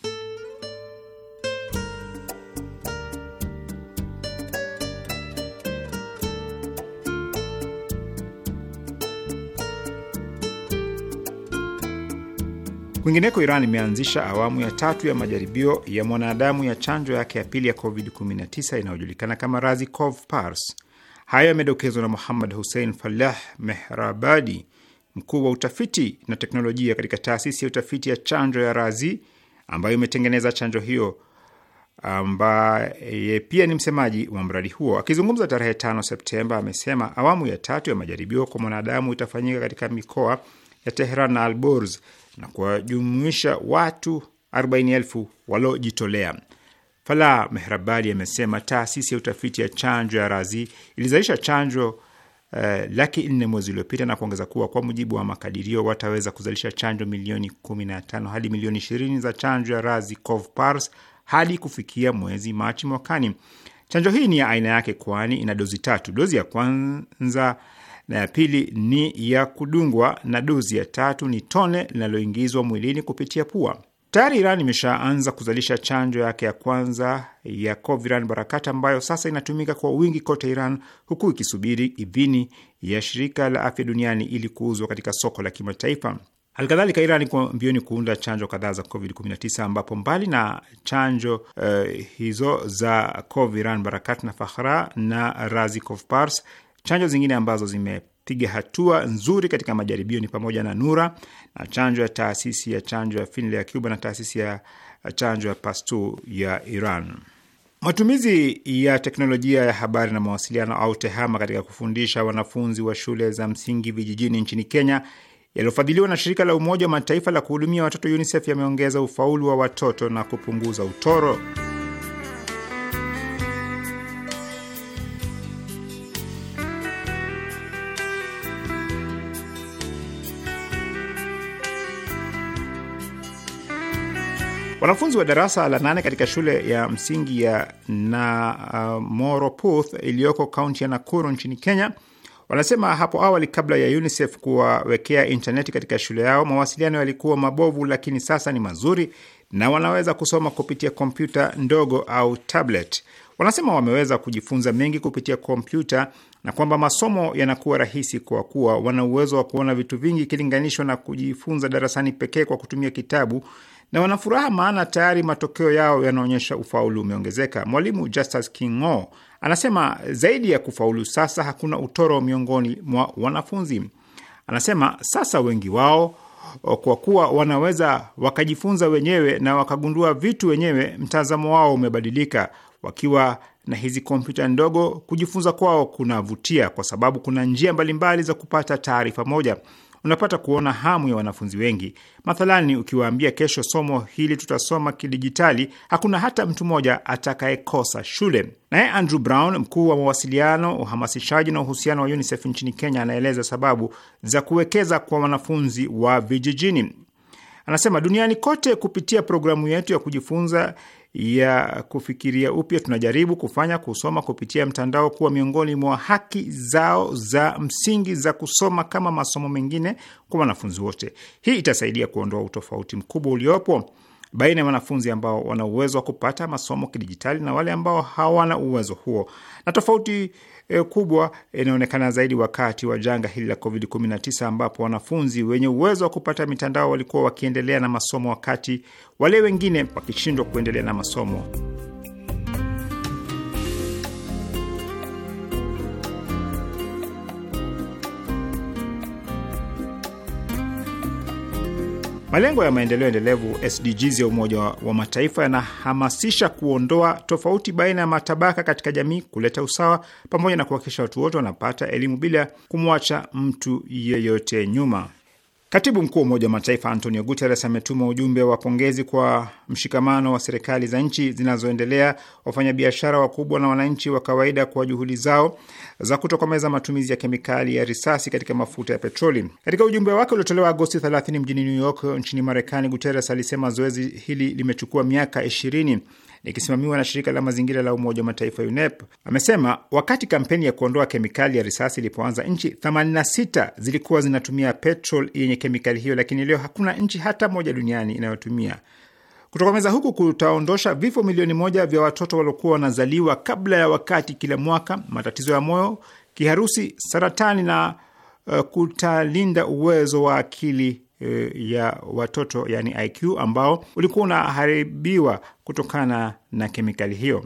Kwingineko, Iran imeanzisha awamu ya tatu ya majaribio ya mwanadamu ya chanjo yake ya pili ya COVID-19 inayojulikana kama Razikov Pars. Hayo yamedokezwa na Muhammad Hussein Falah Mehrabadi, mkuu wa utafiti na teknolojia katika taasisi ya utafiti ya chanjo ya Razi ambayo imetengeneza chanjo hiyo, ambaye pia ni msemaji wa mradi huo. Akizungumza tarehe 5 Septemba, amesema awamu ya tatu ya majaribio kwa mwanadamu itafanyika katika mikoa ya teheran na Alborz na kuwajumuisha watu 40,000 waliojitolea. Fala mehrabali amesema taasisi ya utafiti ya chanjo ya Razi ilizalisha chanjo Uh, laki nne mwezi uliopita na kuongeza kuwa kwa mujibu wa makadirio wataweza kuzalisha chanjo milioni 15 hadi milioni 20 za chanjo ya Razi Pars hadi kufikia mwezi Machi mwakani. Chanjo hii ni ya aina yake, kwani ina dozi tatu. Dozi ya kwanza na ya pili ni ya kudungwa na dozi ya tatu ni tone linaloingizwa mwilini kupitia pua. Tayari Iran imeshaanza kuzalisha chanjo yake ya kwanza ya Coviran Barakata ambayo sasa inatumika kwa wingi kote Iran, huku ikisubiri idhini ya shirika la afya duniani ili kuuzwa katika soko la kimataifa. Halikadhalika, Iran iko mbioni kuunda chanjo kadhaa za COVID-19 ambapo mbali na chanjo uh, hizo za Coviran Barakat na Fakhra na Razi Chanjo zingine ambazo zimepiga hatua nzuri katika majaribio ni pamoja na Nura na chanjo ya taasisi ya chanjo ya Finlay ya Cuba na taasisi ya chanjo ya Pasteur ya Iran. Matumizi ya teknolojia ya habari na mawasiliano au TEHAMA katika kufundisha wanafunzi wa shule za msingi vijijini nchini Kenya yaliyofadhiliwa na shirika la Umoja wa Mataifa la kuhudumia watoto UNICEF yameongeza ufaulu wa watoto na kupunguza utoro. Wanafunzi wa darasa la nane katika shule ya msingi ya na uh, iliyoko kaunti ya Nakuru nchini Kenya wanasema hapo awali, kabla ya UNICEF kuwawekea intaneti katika shule yao, mawasiliano yalikuwa mabovu, lakini sasa ni mazuri na wanaweza kusoma kupitia kompyuta ndogo au tablet. Wanasema wameweza kujifunza mengi kupitia kompyuta na kwamba masomo yanakuwa rahisi kwa kuwa wana uwezo wa kuona vitu vingi ikilinganishwa na kujifunza darasani pekee kwa kutumia kitabu na wanafuraha maana tayari matokeo yao yanaonyesha ufaulu umeongezeka. Mwalimu Justus Kingo anasema zaidi ya kufaulu, sasa hakuna utoro miongoni mwa wanafunzi. Anasema sasa wengi wao kwa kuwa wanaweza wakajifunza wenyewe na wakagundua vitu wenyewe, mtazamo wao umebadilika. Wakiwa na hizi kompyuta ndogo, kujifunza kwao kunavutia kwa sababu kuna njia mbalimbali za kupata taarifa moja unapata kuona hamu ya wanafunzi wengi. Mathalani, ukiwaambia kesho somo hili tutasoma kidijitali, hakuna hata mtu mmoja atakayekosa shule. Naye Andrew Brown, mkuu wa mawasiliano, uhamasishaji na uhusiano wa UNICEF nchini Kenya, anaeleza sababu za kuwekeza kwa wanafunzi wa vijijini. Anasema duniani kote, kupitia programu yetu ya kujifunza ya kufikiria upya, tunajaribu kufanya kusoma kupitia mtandao kuwa miongoni mwa haki zao za msingi za kusoma kama masomo mengine kwa wanafunzi wote. Hii itasaidia kuondoa utofauti mkubwa uliopo baina ya wanafunzi ambao wana uwezo wa kupata masomo kidijitali na wale ambao hawana uwezo huo, na tofauti e, kubwa inaonekana zaidi wakati wa janga hili la COVID-19 ambapo wanafunzi wenye uwezo wa kupata mitandao walikuwa wakiendelea na masomo wakati wale wengine wakishindwa kuendelea na masomo. Malengo ya maendeleo endelevu SDGs ya Umoja wa Mataifa yanahamasisha kuondoa tofauti baina ya matabaka katika jamii, kuleta usawa, pamoja na kuhakikisha watu wote wanapata elimu bila kumwacha mtu yeyote nyuma. Katibu mkuu wa Umoja wa Mataifa Antonio Guterres ametuma ujumbe wa pongezi kwa mshikamano wa serikali za nchi zinazoendelea, wafanyabiashara wakubwa na wananchi wa kawaida kwa juhudi zao za kutokomeza matumizi ya kemikali ya risasi katika mafuta ya petroli. Katika ujumbe wake uliotolewa Agosti 30 mjini New York nchini Marekani, Guterres alisema zoezi hili limechukua miaka 20 likisimamiwa na shirika la mazingira la Umoja wa Mataifa UNEP, amesema wakati kampeni ya kuondoa kemikali ya risasi ilipoanza, nchi 86 zilikuwa zinatumia petrol yenye kemikali hiyo, lakini leo hakuna nchi hata moja duniani inayotumia. Kutokomeza huku kutaondosha vifo milioni moja vya watoto waliokuwa wanazaliwa kabla ya wakati kila mwaka, matatizo ya moyo, kiharusi, saratani na uh, kutalinda uwezo wa akili E, ya watoto yani IQ ambao ulikuwa unaharibiwa kutokana na kemikali hiyo.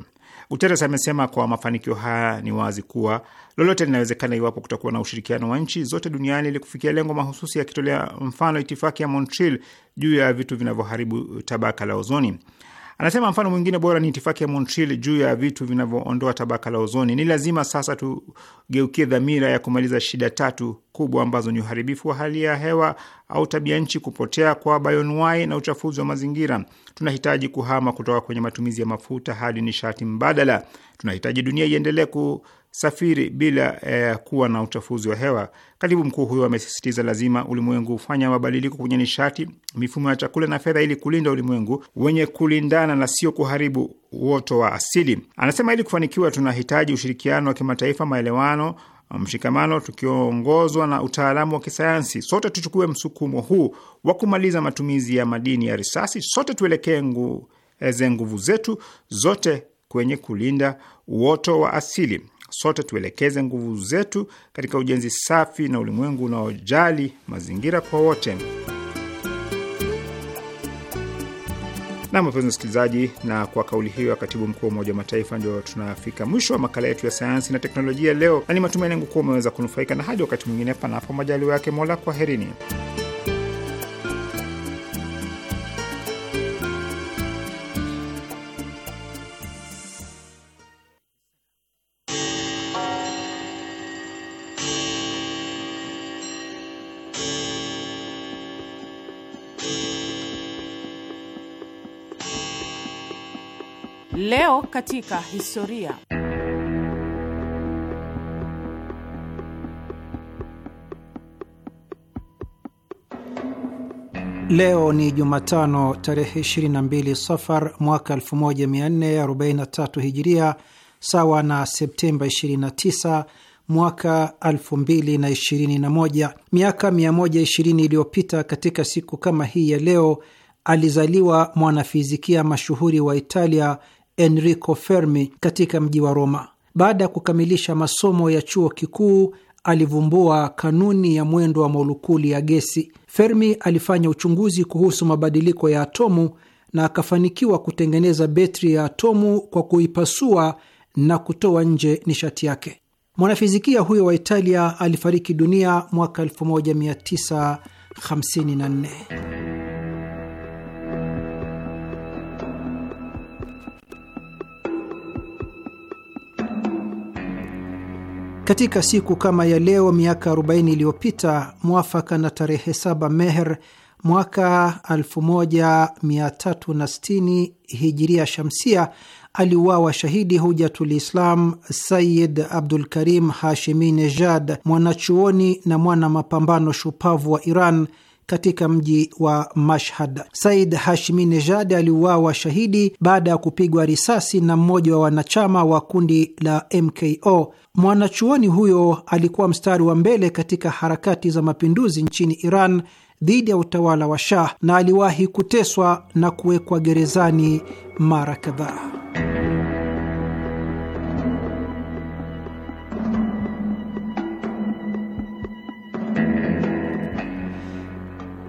Guterres amesema kwa mafanikio haya ni wazi kuwa lolote linawezekana iwapo kutakuwa na ushirikiano wa nchi zote duniani ili kufikia lengo mahususi, akitolea mfano itifaki ya Montreal juu ya vitu vinavyoharibu tabaka la ozoni. Anasema mfano mwingine bora ni itifaki ya Montreal juu ya vitu vinavyoondoa tabaka la ozoni. Ni lazima sasa tugeukie dhamira ya kumaliza shida tatu kubwa ambazo ni uharibifu wa hali ya hewa au tabia nchi, kupotea kwa bayonwai na uchafuzi wa mazingira. Tunahitaji kuhama kutoka kwenye matumizi ya mafuta hadi nishati mbadala. Tunahitaji dunia iendelee ku safiri bila eh, kuwa na uchafuzi wa hewa. Katibu mkuu huyo amesisitiza lazima ulimwengu hufanya mabadiliko kwenye nishati, mifumo ya chakula na fedha ili kulinda ulimwengu wenye kulindana na sio kuharibu uoto wa asili. Anasema ili kufanikiwa, tunahitaji ushirikiano wa kimataifa, maelewano, mshikamano, tukiongozwa na utaalamu wa kisayansi. Sote tuchukue msukumo huu wa kumaliza matumizi ya madini ya risasi. Sote tuelekee eh, nguvu zetu zote kwenye kulinda uoto wa asili. Sote tuelekeze nguvu zetu katika ujenzi safi na ulimwengu unaojali mazingira kwa wote. Na mapenzi msikilizaji, na kwa kauli hiyo ya katibu mkuu wa Umoja wa Mataifa, ndio tunafika mwisho wa makala yetu ya sayansi na teknolojia leo, na ni matumaini yangu kuwa umeweza kunufaika. Na hadi wakati mwingine, panapo majaliwa yake Mola, kwaherini. Leo katika historia. Leo ni Jumatano tarehe 22 Safar mwaka 1443 Hijiria, sawa na Septemba 29 mwaka 2021. Miaka 120 iliyopita katika siku kama hii ya leo alizaliwa mwanafizikia mashuhuri wa Italia Enrico Fermi katika mji wa Roma. Baada ya kukamilisha masomo ya chuo kikuu, alivumbua kanuni ya mwendo wa molekuli ya gesi. Fermi alifanya uchunguzi kuhusu mabadiliko ya atomu na akafanikiwa kutengeneza betri ya atomu kwa kuipasua na kutoa nje nishati yake. Mwanafizikia huyo wa Italia alifariki dunia mwaka 1954. Katika siku kama ya leo miaka 40 iliyopita, mwafaka na tarehe 7 Meher mwaka 1360 hijiria shamsia, aliuawa shahidi Hujatul Islam Sayid Abdul Karim Hashimi Nejad, mwanachuoni na mwana mapambano shupavu wa Iran katika mji wa Mashhad. Said Hashimi Nejad aliuawa shahidi baada ya kupigwa risasi na mmoja wa wanachama wa kundi la MKO. Mwanachuoni huyo alikuwa mstari wa mbele katika harakati za mapinduzi nchini Iran dhidi ya utawala wa Shah na aliwahi kuteswa na kuwekwa gerezani mara kadhaa.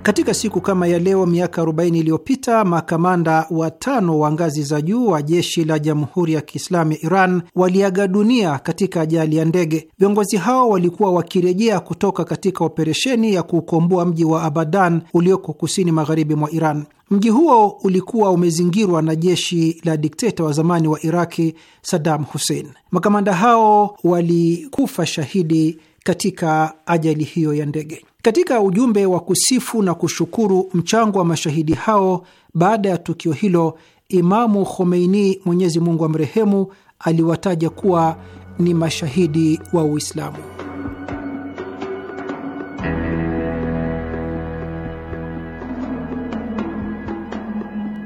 Katika siku kama ya leo miaka 40 iliyopita makamanda watano wa ngazi za juu wa jeshi la Jamhuri ya Kiislamu ya Iran waliaga dunia katika ajali ya ndege. Viongozi hao walikuwa wakirejea kutoka katika operesheni ya kuukomboa mji wa Abadan ulioko kusini magharibi mwa Iran. Mji huo ulikuwa umezingirwa na jeshi la dikteta wa zamani wa Iraki Saddam Hussein. Makamanda hao walikufa shahidi katika ajali hiyo ya ndege. Katika ujumbe wa kusifu na kushukuru mchango wa mashahidi hao baada ya tukio hilo, Imamu Khomeini, Mwenyezi Mungu amrehemu, aliwataja kuwa ni mashahidi wa Uislamu.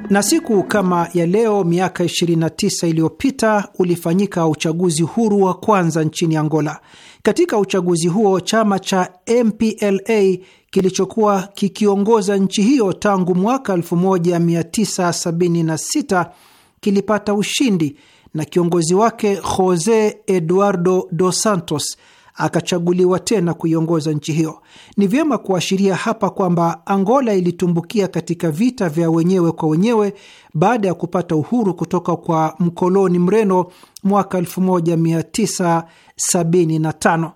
Na siku kama ya leo miaka 29 iliyopita ulifanyika uchaguzi huru wa kwanza nchini Angola. Katika uchaguzi huo chama cha MPLA kilichokuwa kikiongoza nchi hiyo tangu mwaka 1976 kilipata ushindi na kiongozi wake Jose Eduardo Dos Santos akachaguliwa tena kuiongoza nchi hiyo. Ni vyema kuashiria hapa kwamba Angola ilitumbukia katika vita vya wenyewe kwa wenyewe baada ya kupata uhuru kutoka kwa mkoloni Mreno mwaka 1975.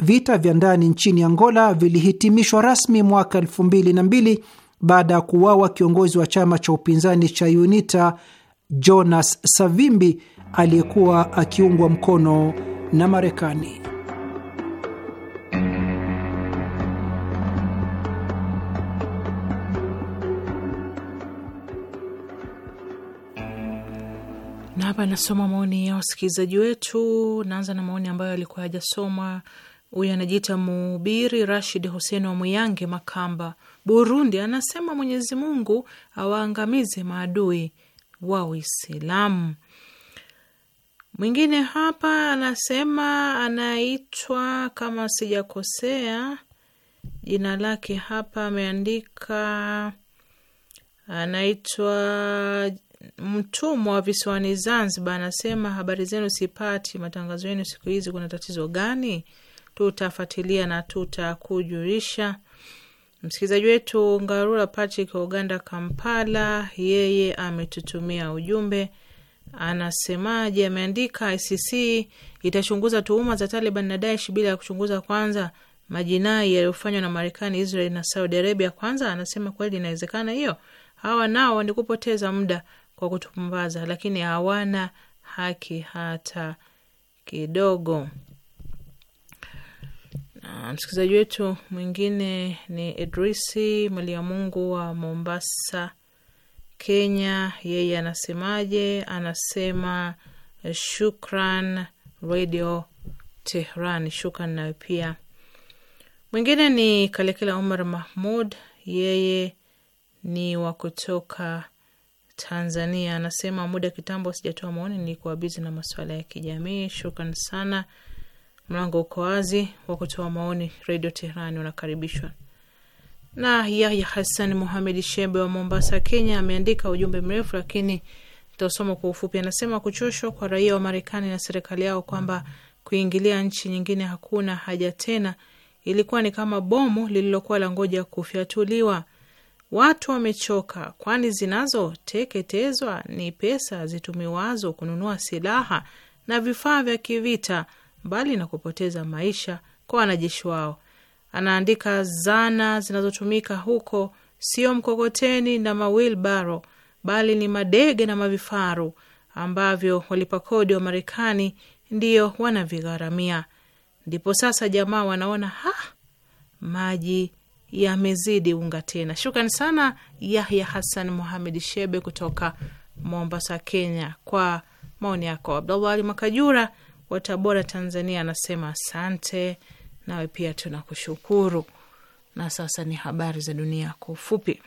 Vita vya ndani nchini Angola vilihitimishwa rasmi mwaka 2002 baada ya kuuawa kiongozi wa chama cha upinzani cha UNITA Jonas Savimbi aliyekuwa akiungwa mkono na Marekani. Na hapa nasoma maoni ya wasikilizaji wetu. Naanza na maoni ambayo alikuwa hajasoma. Huyu anajiita mhubiri Rashid Hussein wa Muyange, Makamba, Burundi. Anasema Mwenyezi Mungu awaangamize maadui wa Uislamu. Mwingine hapa anasema anaitwa, kama sijakosea jina lake hapa, ameandika anaitwa mtumwa wa visiwani Zanzibar anasema habari zenu sipati, matangazo yenu siku hizi, kuna tatizo gani? Tutafuatilia na tutakujulisha. Msikilizaji wetu Ngarura Patrick wa Uganda, Kampala, yeye ametutumia ujumbe anasemaje? Ameandika, ICC itachunguza tuhuma za Taliban na Daesh bila ya kuchunguza kwanza majinai yaliyofanywa na Marekani, Israel na Saudi Arabia kwanza. Anasema kweli inawezekana hiyo, hawa nao ni kupoteza muda kwa kutupumbaza, lakini hawana haki hata kidogo. Msikilizaji wetu mwingine ni Idrisi ya Mungu wa Mombasa, Kenya. Yeye anasemaje? Anasema shukran Radio Tehran, shukran nayo pia. Mwingine ni Kalekela Omar Mahmud, yeye ni wa kutoka Tanzania. Anasema muda kitambo sijatoa maoni, nilikuwa bizi na masuala ya kijamii. Shukran sana. Mlango uko wazi wa kutoa maoni, Redio Teherani unakaribishwa. Na Yahya Hassan Muhamed Shebe wa Mombasa, Kenya ameandika ujumbe mrefu, lakini tasoma kwa ufupi. Anasema kuchoshwa kwa raia wa Marekani na serikali yao kwamba kuingilia nchi nyingine hakuna haja tena, ilikuwa ni kama bomu lililokuwa la ngoja kufyatuliwa. Watu wamechoka, kwani zinazoteketezwa ni pesa zitumiwazo kununua silaha na vifaa vya kivita, mbali na kupoteza maisha kwa wanajeshi wao. Anaandika, zana zinazotumika huko sio mkokoteni na mawilbaro, bali ni madege na mavifaru ambavyo walipakodi wa Marekani ndiyo wanavigharamia. Ndipo sasa jamaa wanaona ha, maji yamezidi unga tena. Shukrani sana Yahya Hassan Muhamed Shebe kutoka Mombasa, Kenya, kwa maoni yako. Abdallah Ali Makajura wa Tabora, Tanzania, anasema asante. Nawe pia tunakushukuru. Na sasa ni habari za dunia kwa ufupi.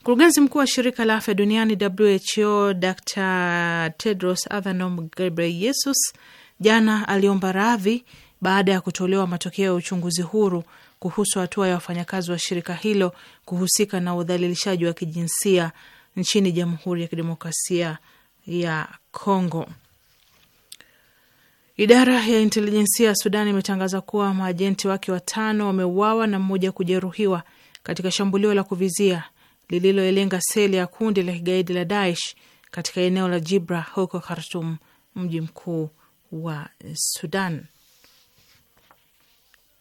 Mkurugenzi mkuu wa shirika la afya duniani WHO Dr Tedros Adhanom Ghebreyesus jana aliomba radhi baada ya kutolewa matokeo ya uchunguzi huru kuhusu hatua ya wafanyakazi wa shirika hilo kuhusika na udhalilishaji wa kijinsia nchini Jamhuri ya Kidemokrasia ya Kongo. Idara ya intelijensia ya Sudan imetangaza kuwa maajenti wake watano wameuawa na mmoja kujeruhiwa katika shambulio la kuvizia lililolenga seli ya kundi la kigaidi la Daesh katika eneo la Jibra huko Khartum, mji mkuu wa Sudan.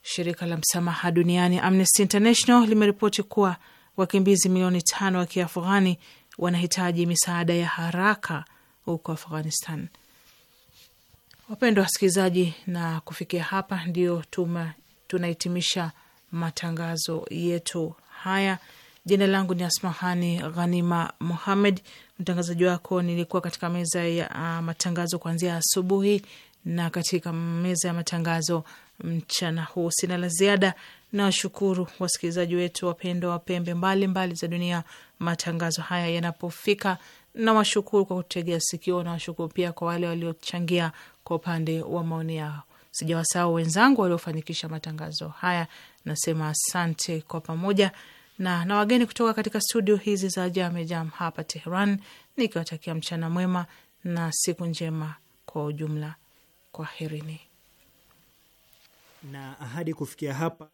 Shirika la msamaha duniani Amnesty International limeripoti kuwa wakimbizi milioni tano wa Kiafghani wanahitaji misaada ya haraka huko Afghanistan. Wapendwa wasikilizaji, na kufikia hapa ndio tuma tunahitimisha matangazo yetu haya. Jina langu ni Asmahani Ghanima Muhammed, mtangazaji wako. Nilikuwa katika meza ya uh, matangazo kuanzia asubuhi na katika meza ya matangazo mchana huu. Sina la ziada na washukuru wasikilizaji wetu wapendwa wa pembe mbalimbali mbali za dunia matangazo haya yanapofika, na washukuru kwa kutegea sikio, na washukuru pia kwa wale waliochangia kwa upande wa maoni yao. Sijawasahau wenzangu waliofanikisha matangazo haya, nasema asante kwa pamoja, na na wageni kutoka katika studio hizi za Jamejam hapa Teheran, nikiwatakia mchana mwema na siku njema kwa ujumla. Kwaherini na ahadi kufikia hapa